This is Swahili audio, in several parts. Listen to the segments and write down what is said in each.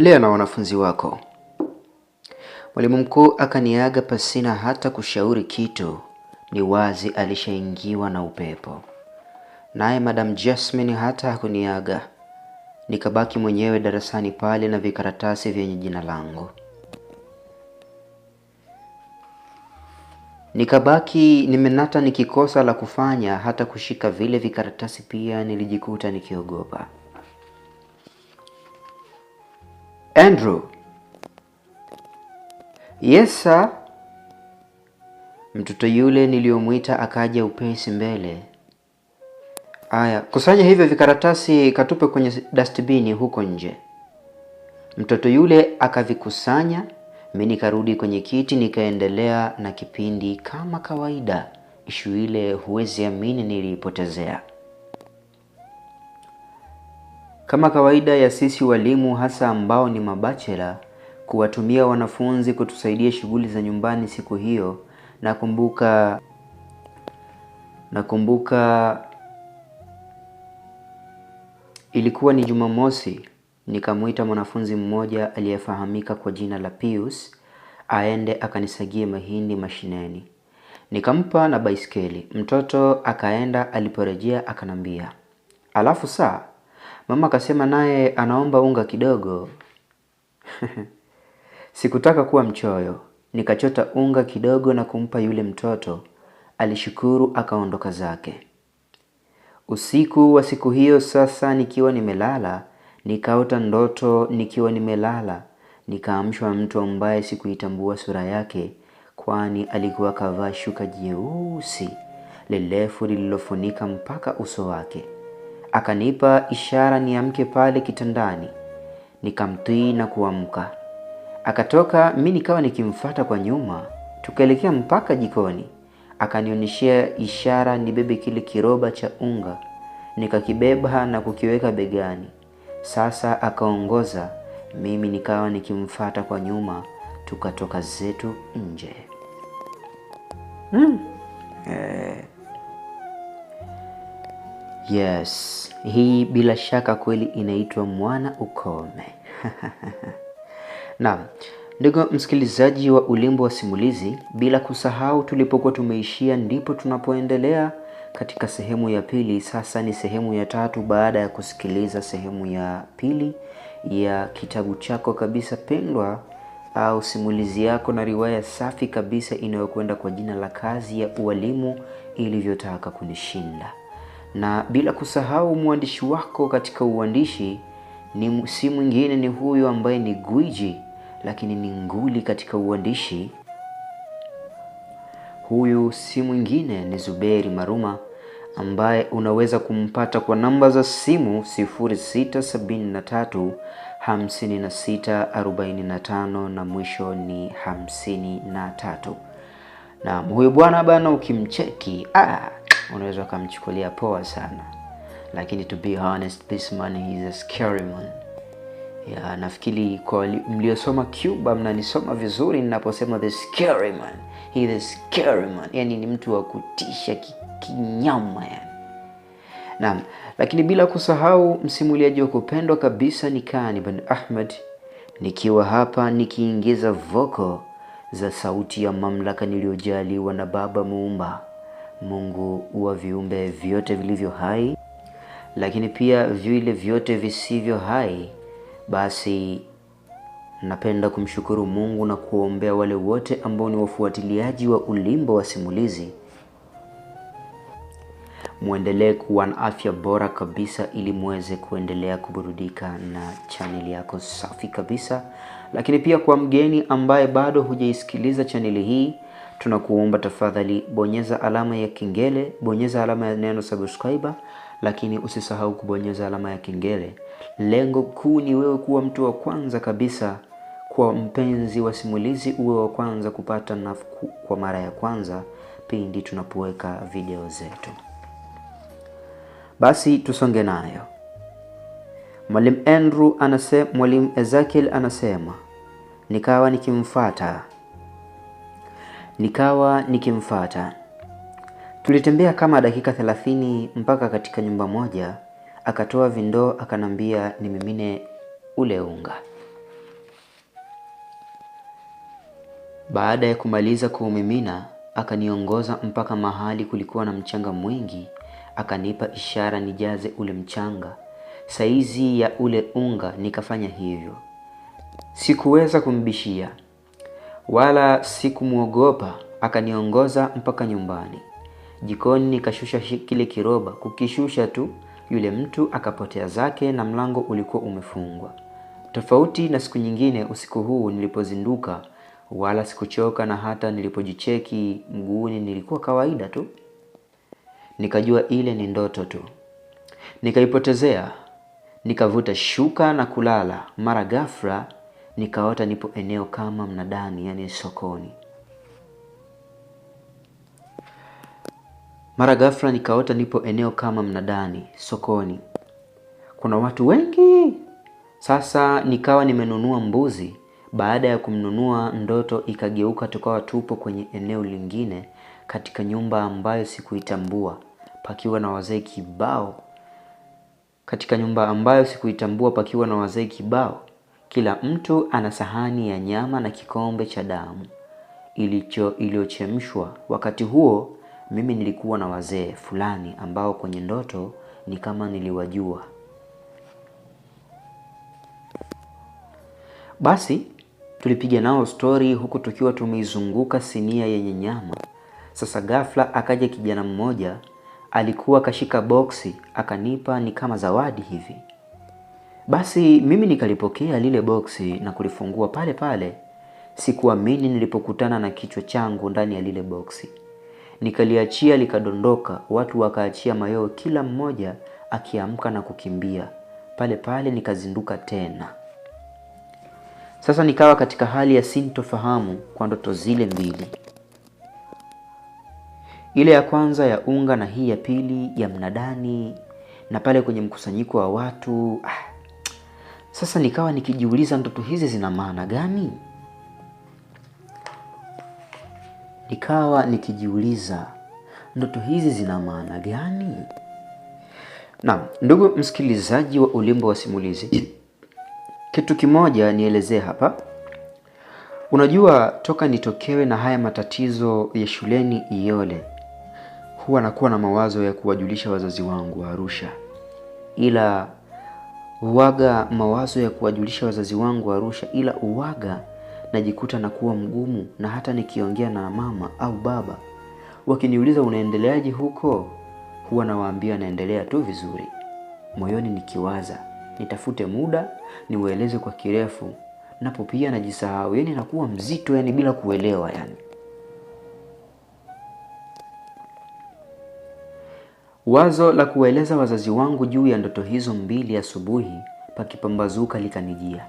endelea na wanafunzi wako. Mwalimu mkuu akaniaga pasina hata kushauri kitu. Ni wazi alishaingiwa na upepo. Naye Madam Jasmine hata hakuniaga, nikabaki mwenyewe darasani pale na vikaratasi vyenye jina langu. Nikabaki nimenata nikikosa la kufanya, hata kushika vile vikaratasi pia nilijikuta nikiogopa. Andrew. Yes sir. Mtoto yule niliyomwita akaja upesi mbele. Aya, kusanya hivyo vikaratasi katupe kwenye dustbini huko nje. Mtoto yule akavikusanya, mimi nikarudi kwenye kiti nikaendelea na kipindi kama kawaida. Ishu ile huwezi amini nilipotezea. Kama kawaida ya sisi walimu hasa ambao ni mabachela, kuwatumia wanafunzi kutusaidia shughuli za nyumbani siku hiyo, nakumbuka nakumbuka ilikuwa ni Jumamosi, nikamwita mwanafunzi mmoja aliyefahamika kwa jina la Pius aende akanisagie mahindi mashineni. Nikampa na baiskeli. Mtoto akaenda, aliporejea akanambia, alafu saa Mama akasema naye anaomba unga kidogo. Sikutaka kuwa mchoyo, nikachota unga kidogo na kumpa yule mtoto. Alishukuru akaondoka zake. Usiku wa siku hiyo sasa, nikiwa nimelala, nikaota ndoto nikiwa nimelala, nikaamshwa mtu ambaye sikuitambua sura yake, kwani alikuwa kavaa shuka jeusi lelefu lililofunika mpaka uso wake. Akanipa ishara niamke pale kitandani, nikamtii na kuamka. Akatoka, mi nikawa nikimfata kwa nyuma, tukaelekea mpaka jikoni. Akanionyeshia ishara nibebe kile kiroba cha unga, nikakibeba na kukiweka begani. Sasa akaongoza, mimi nikawa nikimfata kwa nyuma, tukatoka zetu nje. Mm. Eh. Yes, hii bila shaka kweli inaitwa mwana ukome. Naam, ndugu msikilizaji wa Ulimbo wa Simulizi, bila kusahau tulipokuwa tumeishia ndipo tunapoendelea katika sehemu ya pili. Sasa ni sehemu ya tatu baada ya kusikiliza sehemu ya pili ya kitabu chako kabisa pendwa au simulizi yako na riwaya safi kabisa inayokwenda kwa jina la Kazi ya Ualimu Ilivyotaka Kunishinda na bila kusahau mwandishi wako katika uandishi ni si mwingine ni huyu ambaye ni gwiji lakini ni nguli katika uandishi. Huyu si mwingine ni Zuberi Maruma ambaye unaweza kumpata kwa namba za simu 6735645 na mwisho ni 53. nam huyu bwana bana ukimcheki ah, unaweza ukamchukulia poa sana lakini to be honest this man is a scary man ya nafikiri kwa mliosoma cuba mnanisoma vizuri ninaposema the scary man he the scary man yani ni mtu wa kutisha kinyama yani Naam, lakini bila kusahau msimuliaji wa kupendwa kabisa ni Kani bin Ahmed, nikiwa hapa nikiingiza voko za sauti ya mamlaka niliyojaliwa na Baba Muumba. Mungu wa viumbe vyote vilivyo hai, lakini pia vile vyote visivyo hai, basi napenda kumshukuru Mungu na kuombea wale wote ambao ni wafuatiliaji wa Ulimbo wa Simulizi. Mwendelee kuwa na afya bora kabisa, ili muweze kuendelea kuburudika na chaneli yako safi kabisa. Lakini pia kwa mgeni ambaye bado hujaisikiliza chaneli hii tunakuomba tafadhali bonyeza alama ya kengele, bonyeza alama ya neno subscriber, lakini usisahau kubonyeza alama ya kengele. Lengo kuu ni wewe kuwa mtu wa kwanza kabisa kwa mpenzi wa simulizi, uwe wa kwanza kupata nafuu kwa mara ya kwanza pindi tunapoweka video zetu. Basi tusonge nayo. Mwalimu Andrew anasema, Mwalimu Ezekiel anasema, nikawa nikimfuata nikawa nikimfata Tulitembea kama dakika thelathini mpaka katika nyumba moja, akatoa vindoo akanambia nimimine ule unga. Baada ya kumaliza kuumimina, akaniongoza mpaka mahali kulikuwa na mchanga mwingi, akanipa ishara nijaze ule mchanga saizi ya ule unga, nikafanya hivyo. Sikuweza kumbishia wala sikumwogopa. Akaniongoza mpaka nyumbani. Jikoni nikashusha kile kiroba, kukishusha tu yule mtu akapotea zake, na mlango ulikuwa umefungwa. Tofauti na siku nyingine, usiku huu nilipozinduka, wala sikuchoka, na hata nilipojicheki mguuni nilikuwa kawaida tu. Nikajua ile ni ndoto tu, nikaipotezea. Nikavuta shuka na kulala, mara ghafla nikaota nipo eneo kama mnadani, yani sokoni. Mara ghafla nikaota nipo eneo kama mnadani sokoni, kuna watu wengi. Sasa nikawa nimenunua mbuzi. Baada ya kumnunua, ndoto ikageuka, tukawa tupo kwenye eneo lingine katika nyumba ambayo sikuitambua, pakiwa na wazee kibao, katika nyumba ambayo sikuitambua, pakiwa na wazee kibao. Kila mtu ana sahani ya nyama na kikombe cha damu ilicho iliyochemshwa. Wakati huo mimi nilikuwa na wazee fulani ambao kwenye ndoto ni kama niliwajua. Basi tulipiga nao stori huku tukiwa tumeizunguka sinia yenye nyama. Sasa ghafla akaja kijana mmoja, alikuwa kashika boksi, akanipa ni kama zawadi hivi. Basi mimi nikalipokea lile boksi na kulifungua pale pale. Sikuamini nilipokutana na kichwa changu ndani ya lile boksi. Nikaliachia likadondoka, watu wakaachia mayoo kila mmoja akiamka na kukimbia. Pale pale nikazinduka tena. Sasa nikawa katika hali ya sintofahamu kwa ndoto zile mbili, ile ya kwanza ya unga na hii ya pili ya mnadani, na pale kwenye mkusanyiko wa watu ah, sasa nikawa nikijiuliza ndoto hizi zina maana gani? Nikawa nikijiuliza ndoto hizi zina maana gani? na ndugu msikilizaji wa Ulimbo wa Simulizi, kitu kimoja nielezee hapa. Unajua, toka nitokewe na haya matatizo ya shuleni Iyole, huwa nakuwa na mawazo ya kuwajulisha wazazi wangu wa Arusha, ila uwaga mawazo ya kuwajulisha wazazi wangu Arusha, ila uwaga najikuta na kuwa mgumu, na hata nikiongea na mama au baba wakiniuliza unaendeleaje huko, huwa nawaambia naendelea tu vizuri, moyoni nikiwaza nitafute muda niwaeleze kwa kirefu, napo pia najisahau, yani nakuwa mzito, yani bila kuelewa yani. Wazo la kuwaeleza wazazi wangu juu ya ndoto hizo mbili asubuhi pakipambazuka likanijia,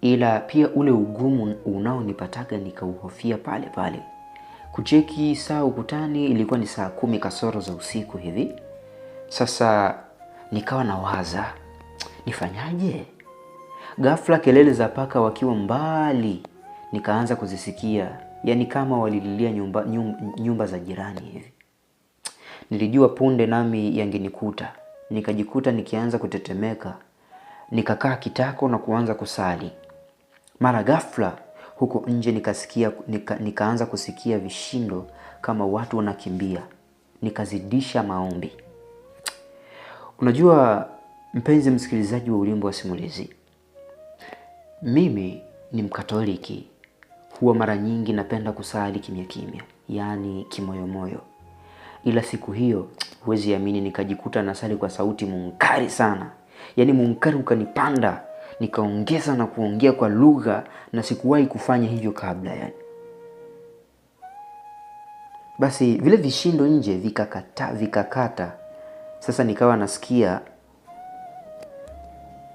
ila pia ule ugumu unaonipataga nikauhofia pale pale. Kucheki saa ukutani ilikuwa ni saa kumi kasoro za usiku hivi. Sasa nikawa nawaza nifanyaje? Ghafla kelele za paka wakiwa mbali nikaanza kuzisikia, yaani kama walililia nyumba, nyumba, nyumba za jirani hivi. Nilijua punde nami yangenikuta, nikajikuta nikianza kutetemeka, nikakaa kitako na kuanza kusali. Mara ghafla huko nje nikasikia, nika, nikaanza kusikia vishindo kama watu wanakimbia, nikazidisha maombi. Unajua mpenzi msikilizaji wa Ulimbo wa Simulizi, mimi ni Mkatoliki, huwa mara nyingi napenda kusali kimya kimya, yaani kimoyomoyo ila siku hiyo huwezi amini, nikajikuta nasali kwa sauti munkari sana, yaani munkari ukanipanda, nikaongeza na kuongea kwa lugha, na sikuwahi kufanya hivyo kabla yani. Basi vile vishindo nje vikakata vikakata, sasa nikawa nasikia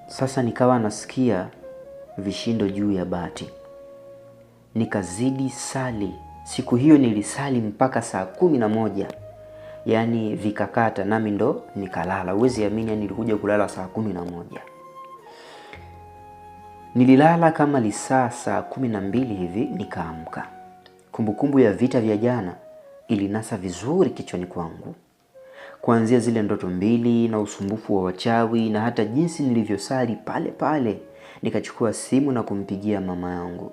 sasa nikawa nasikia vishindo juu ya bati, nikazidi sali. Siku hiyo nilisali mpaka saa kumi na moja yani vikakata, nami ndo nikalala. uwezi amini, yaani nilikuja kulala saa kumi na moja nililala kama lisaa saa kumi na mbili hivi nikaamka. Kumbukumbu ya vita vya jana ilinasa vizuri kichwani kwangu, kuanzia zile ndoto mbili na usumbufu wa wachawi na hata jinsi nilivyosali pale pale. Nikachukua simu na kumpigia mama yangu.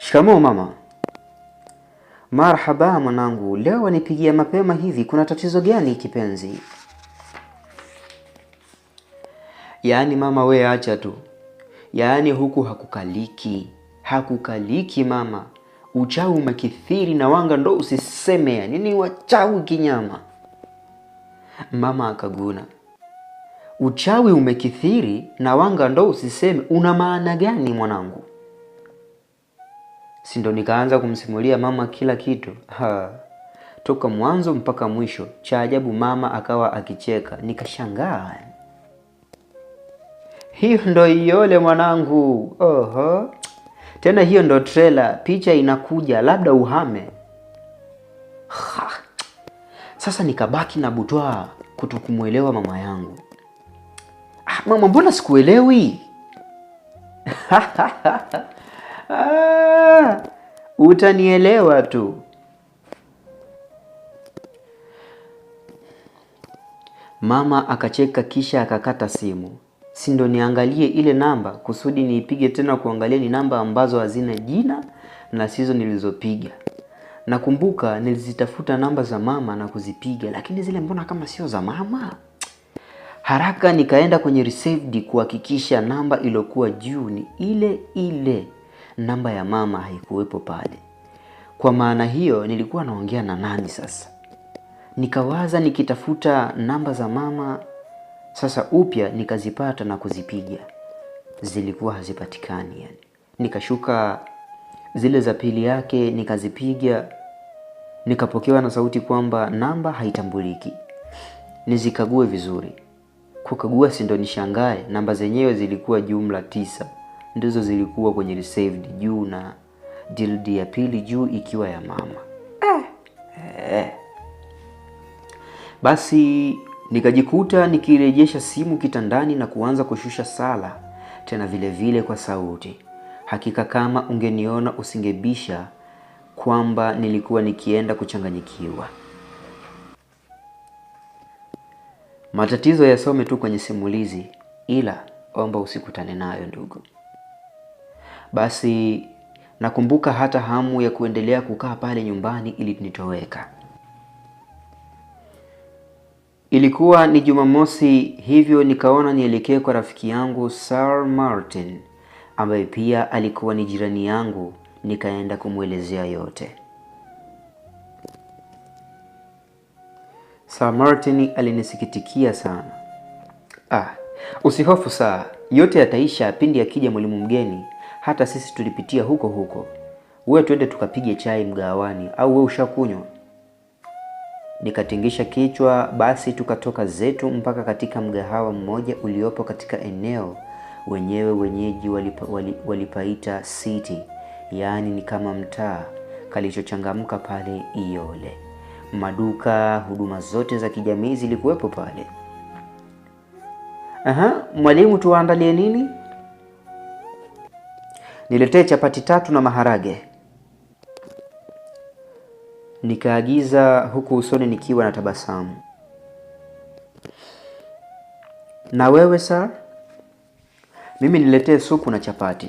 Shikamoo mama. Marhaba mwanangu, leo wanipigia mapema hivi, kuna tatizo gani kipenzi? Yaani mama we acha tu, yaani huku hakukaliki, hakukaliki mama. Uchawi umekithiri na wanga ndo usiseme, yaani ni wachawi kinyama. Mama akaguna, uchawi umekithiri na wanga ndo usiseme, una maana gani mwanangu? si ndo nikaanza kumsimulia mama kila kitu ha. Toka mwanzo mpaka mwisho. Cha ajabu mama akawa akicheka, nikashangaa. Hiyo ndo iole mwanangu. Oho. Tena hiyo ndo trela picha inakuja, labda uhame ha. Sasa nikabaki na butwaa kuto kumwelewa mama yangu. Ah, mama mbona sikuelewi? Ah utanielewa tu. Mama akacheka kisha akakata simu. Si ndo niangalie ile namba kusudi niipige tena kuangalia ni namba ambazo hazina jina na sizo nilizopiga. Nakumbuka nilizitafuta namba za mama na kuzipiga, lakini zile mbona kama sio za mama. Haraka nikaenda kwenye received kuhakikisha namba iliyokuwa juu ni ile ile namba ya mama haikuwepo pale. Kwa maana hiyo nilikuwa naongea na nani sasa? Nikawaza nikitafuta namba za mama sasa upya, nikazipata na kuzipiga, zilikuwa hazipatikani yani. Nikashuka zile za pili yake nikazipiga, nikapokewa na sauti kwamba namba haitambuliki, nizikague vizuri. Kukagua sindo nishangae, namba zenyewe zilikuwa jumla tisa ndizo zilikuwa kwenye received juu na DLD ya pili juu ikiwa ya mama eh. Eh. Basi nikajikuta nikirejesha simu kitandani na kuanza kushusha sala tena vile vile kwa sauti. Hakika kama ungeniona usingebisha kwamba nilikuwa nikienda kuchanganyikiwa. Matatizo yasome tu kwenye simulizi, ila omba usikutane nayo ndugu basi nakumbuka hata hamu ya kuendelea kukaa pale nyumbani ilinitoweka. Ilikuwa ni Jumamosi, hivyo nikaona nielekee kwa rafiki yangu Sir Martin ambaye pia alikuwa ni jirani yangu, nikaenda kumwelezea yote. Sir Martin alinisikitikia sana. Ah, usihofu saa, yote yataisha pindi akija mwalimu mgeni hata sisi tulipitia huko huko. Wewe twende tukapige chai mgawani, au wewe ushakunywa? Nikatingisha kichwa. Basi tukatoka zetu mpaka katika mgahawa mmoja uliopo katika eneo wenyewe wenyeji walipa, walipaita city, yaani ni kama mtaa kalichochangamka pale iole Maduka, huduma zote za kijamii zilikuwepo pale. Aha, mwalimu tuwaandalie nini? niletee chapati tatu na maharage. Nikaagiza huku usoni nikiwa na tabasamu. Na wewe sir? Mimi niletee supu na chapati.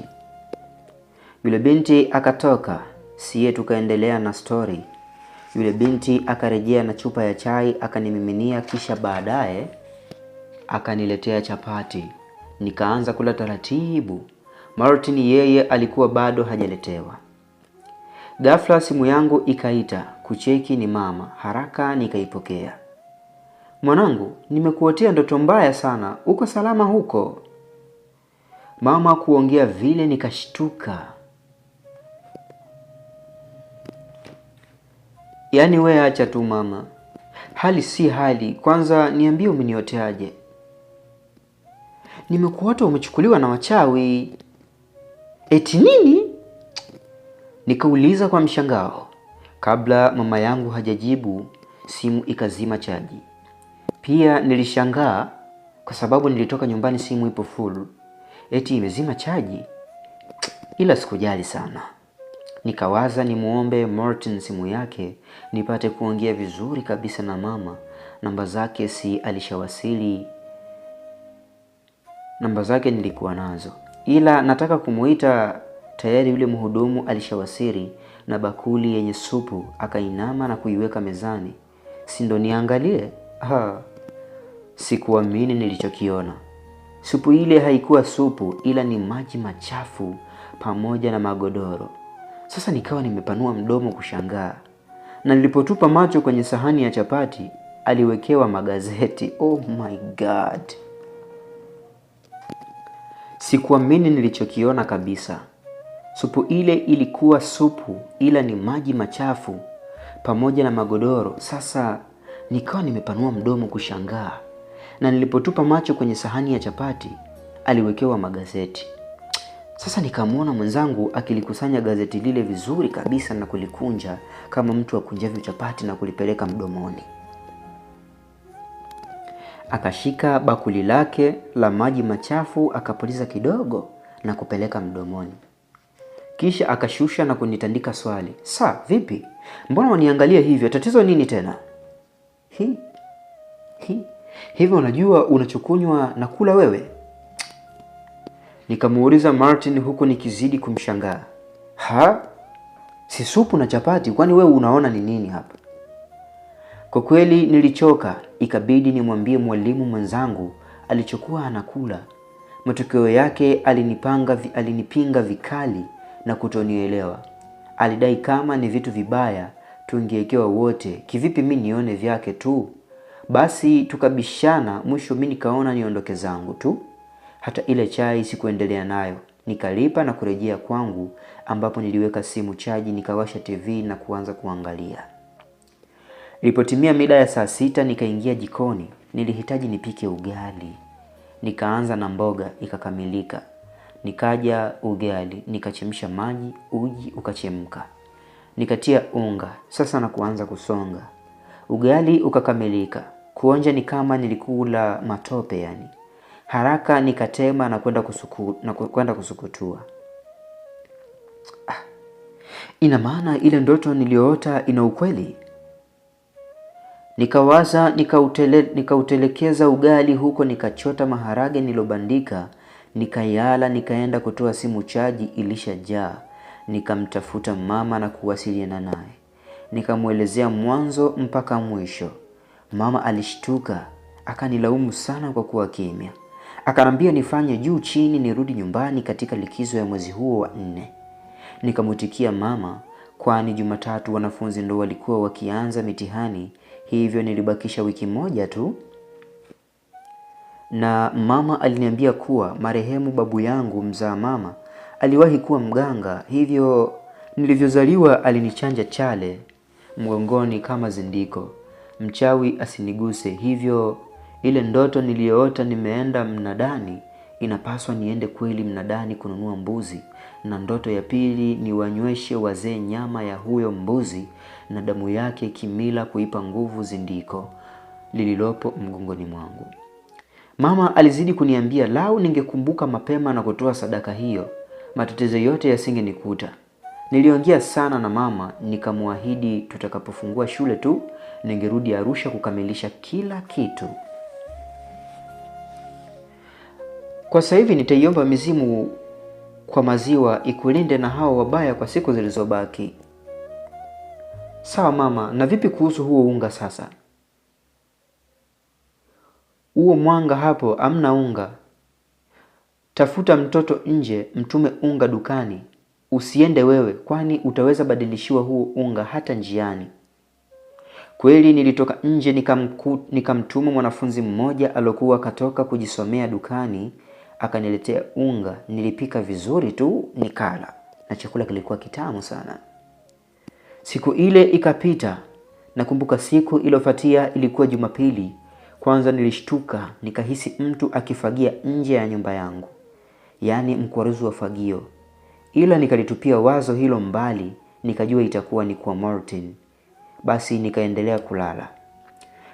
Yule binti akatoka, siye tukaendelea na stori. Yule binti akarejea na chupa ya chai akanimiminia, kisha baadaye akaniletea chapati. Nikaanza kula taratibu. Martin yeye alikuwa bado hajaletewa. Ghafla simu yangu ikaita, kucheki ni mama. Haraka nikaipokea. Mwanangu, nimekuotea ndoto mbaya sana, uko salama huko? Mama kuongea vile nikashtuka. Yaani we acha tu mama, hali si hali. Kwanza niambie, umenioteaje? Nimekuota umechukuliwa na wachawi eti nini? Nikauliza kwa mshangao. Kabla mama yangu hajajibu, simu ikazima chaji. Pia nilishangaa kwa sababu nilitoka nyumbani, simu ipo full, eti imezima chaji. Ila sikujali sana, nikawaza nimuombe Martin simu yake nipate kuongea vizuri kabisa na mama. Namba zake si alishawasili? Namba zake nilikuwa nazo ila nataka kumuita, tayari yule mhudumu alishawasiri na bakuli yenye supu, akainama na kuiweka mezani. Si ndo niangalie? Ha, sikuamini nilichokiona. Supu ile haikuwa supu, ila ni maji machafu pamoja na magodoro. Sasa nikawa nimepanua mdomo kushangaa, na nilipotupa macho kwenye sahani ya chapati aliwekewa magazeti. Oh my God! Sikuamini nilichokiona kabisa. Supu ile ilikuwa supu, ila ni maji machafu pamoja na magodoro. Sasa nikawa nimepanua mdomo kushangaa, na nilipotupa macho kwenye sahani ya chapati aliwekewa magazeti. Sasa nikamwona mwenzangu akilikusanya gazeti lile vizuri kabisa na kulikunja kama mtu akunjavyo chapati na kulipeleka mdomoni. Akashika bakuli lake la maji machafu akapuliza kidogo na kupeleka mdomoni, kisha akashusha na kunitandika swali, saa vipi? Mbona waniangalia hivyo? Tatizo nini tena? Hi, hi, hivyo unajua unachokunywa na kula wewe? Nikamuuliza Martin huku nikizidi kumshangaa. Ha, si supu na chapati? Kwani wewe unaona ni nini hapa? Kwa kweli nilichoka Ikabidi nimwambie mwalimu mwenzangu alichokuwa anakula. Matokeo yake alinipanga, alinipinga vikali na kutonielewa. Alidai kama ni vitu vibaya tungewekewa wote, kivipi mi nione vyake tu? Basi tukabishana, mwisho mi nikaona niondoke zangu tu. Hata ile chai sikuendelea nayo, nikalipa na kurejea kwangu, ambapo niliweka simu chaji, nikawasha TV na kuanza kuangalia. Ilipotimia mida ya saa sita nikaingia jikoni, nilihitaji nipike ugali. Nikaanza na mboga ikakamilika, nikaja ugali, nikachemsha maji, uji ukachemka, nikatia unga sasa na kuanza kusonga. Ugali ukakamilika, kuonja ni kama nilikula matope yani. Haraka nikatema na kwenda kusuku, na kwenda kusukutua. Ah, ina maana ile ndoto niliyoota ina ukweli? Nikawaza nikautele, nikautelekeza ugali huko, nikachota maharage nilobandika, nikayala. Nikaenda kutoa simu chaji, ilishajaa. Nikamtafuta mama na kuwasiliana naye, nikamwelezea mwanzo mpaka mwisho. Mama alishtuka, akanilaumu sana kwa kuwa kimya, akanambia nifanye juu chini nirudi nyumbani katika likizo ya mwezi huo wa nne. Nikamwitikia mama, kwani Jumatatu wanafunzi ndo walikuwa wakianza mitihani hivyo nilibakisha wiki moja tu, na mama aliniambia kuwa marehemu babu yangu mzaa mama aliwahi kuwa mganga, hivyo nilivyozaliwa alinichanja chale mgongoni kama zindiko, mchawi asiniguse. Hivyo ile ndoto niliyoota nimeenda mnadani, inapaswa niende kweli mnadani kununua mbuzi, na ndoto ya pili niwanyweshe wazee nyama ya huyo mbuzi na damu yake kimila kuipa nguvu zindiko lililopo mgongoni mwangu. Mama alizidi kuniambia lau ningekumbuka mapema na kutoa sadaka hiyo, matatizo yote yasingenikuta. Niliongea sana na mama, nikamwahidi tutakapofungua shule tu ningerudi Arusha kukamilisha kila kitu. Kwa sasa hivi nitaiomba mizimu kwa maziwa ikulinde na hao wabaya kwa siku zilizobaki. Sawa mama, na vipi kuhusu huo unga sasa? Huo mwanga hapo amna unga. Tafuta mtoto nje, mtume unga dukani. Usiende wewe, kwani utaweza badilishiwa huo unga hata njiani. Kweli nilitoka nje nikamtuma mwanafunzi mmoja aliokuwa katoka kujisomea dukani, akaniletea unga. Nilipika vizuri tu nikala, na chakula kilikuwa kitamu sana. Siku ile ikapita. Nakumbuka siku iliyofuatia ilikuwa Jumapili. Kwanza nilishtuka nikahisi mtu akifagia nje ya nyumba yangu, yaani mkwaruzu wa fagio, ila nikalitupia wazo hilo mbali, nikajua itakuwa ni kwa Martin. Basi nikaendelea kulala.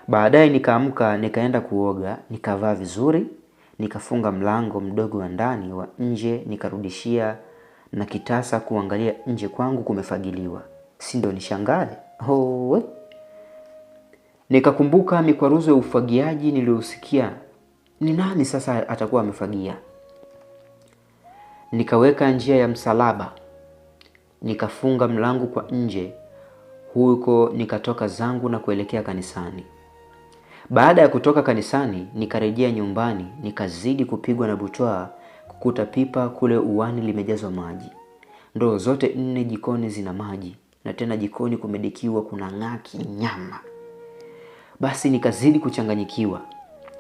Baadaye nikaamka, nikaenda kuoga, nikavaa vizuri, nikafunga mlango mdogo wa ndani wa nje, nikarudishia na kitasa kuangalia nje kwangu kumefagiliwa si ndo nishangale. Owe, nikakumbuka mikwaruzo ya ufagiaji niliyosikia. Ni nani sasa atakuwa amefagia? Nikaweka njia ya msalaba, nikafunga mlango kwa nje, huko nikatoka zangu na kuelekea kanisani. Baada ya kutoka kanisani, nikarejea nyumbani, nikazidi kupigwa na butwaa kukuta pipa kule uani limejazwa maji, ndoo zote nne jikoni zina maji na tena jikoni kumedekiwa kuna ng'aki nyama. Basi nikazidi kuchanganyikiwa,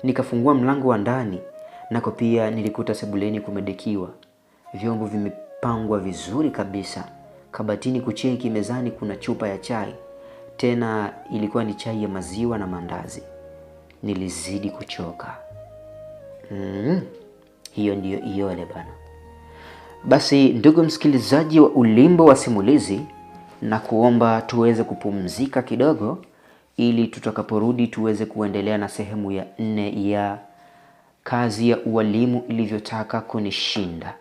nikafungua mlango wa ndani, nako pia nilikuta sebuleni kumedekiwa, vyombo vimepangwa vizuri kabisa, kabatini kucheki, mezani kuna chupa ya chai, tena ilikuwa ni chai ya maziwa na mandazi. Nilizidi kuchoka. Mm, hiyo ndiyo iole bana. Basi ndugu msikilizaji wa Ulimbo wa Simulizi, na kuomba tuweze kupumzika kidogo ili tutakaporudi tuweze kuendelea na sehemu ya nne ya kazi ya ualimu ilivyotaka kunishinda.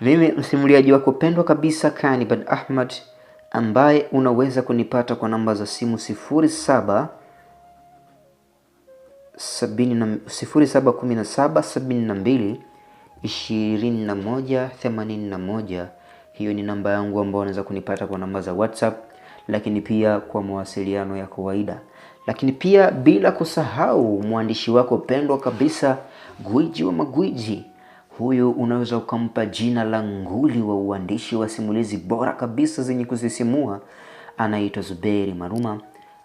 Mimi msimuliaji wako pendwa kabisa Kanibad Ahmad ambaye unaweza kunipata kwa namba za simu 07 0717 hiyo ni namba yangu ambayo unaweza kunipata kwa namba za WhatsApp, lakini pia kwa mawasiliano ya kawaida, lakini pia bila kusahau mwandishi wako pendwa kabisa, gwiji wa magwiji. Huyu unaweza ukampa jina la nguli wa uandishi wa simulizi bora kabisa zenye kusisimua, anaitwa Zuberi Maruma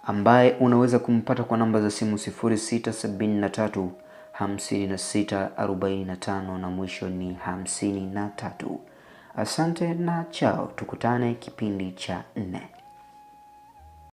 ambaye unaweza kumpata kwa namba za simu 0673 56 45 na mwisho ni 53. Asante na chao, tukutane kipindi cha nne.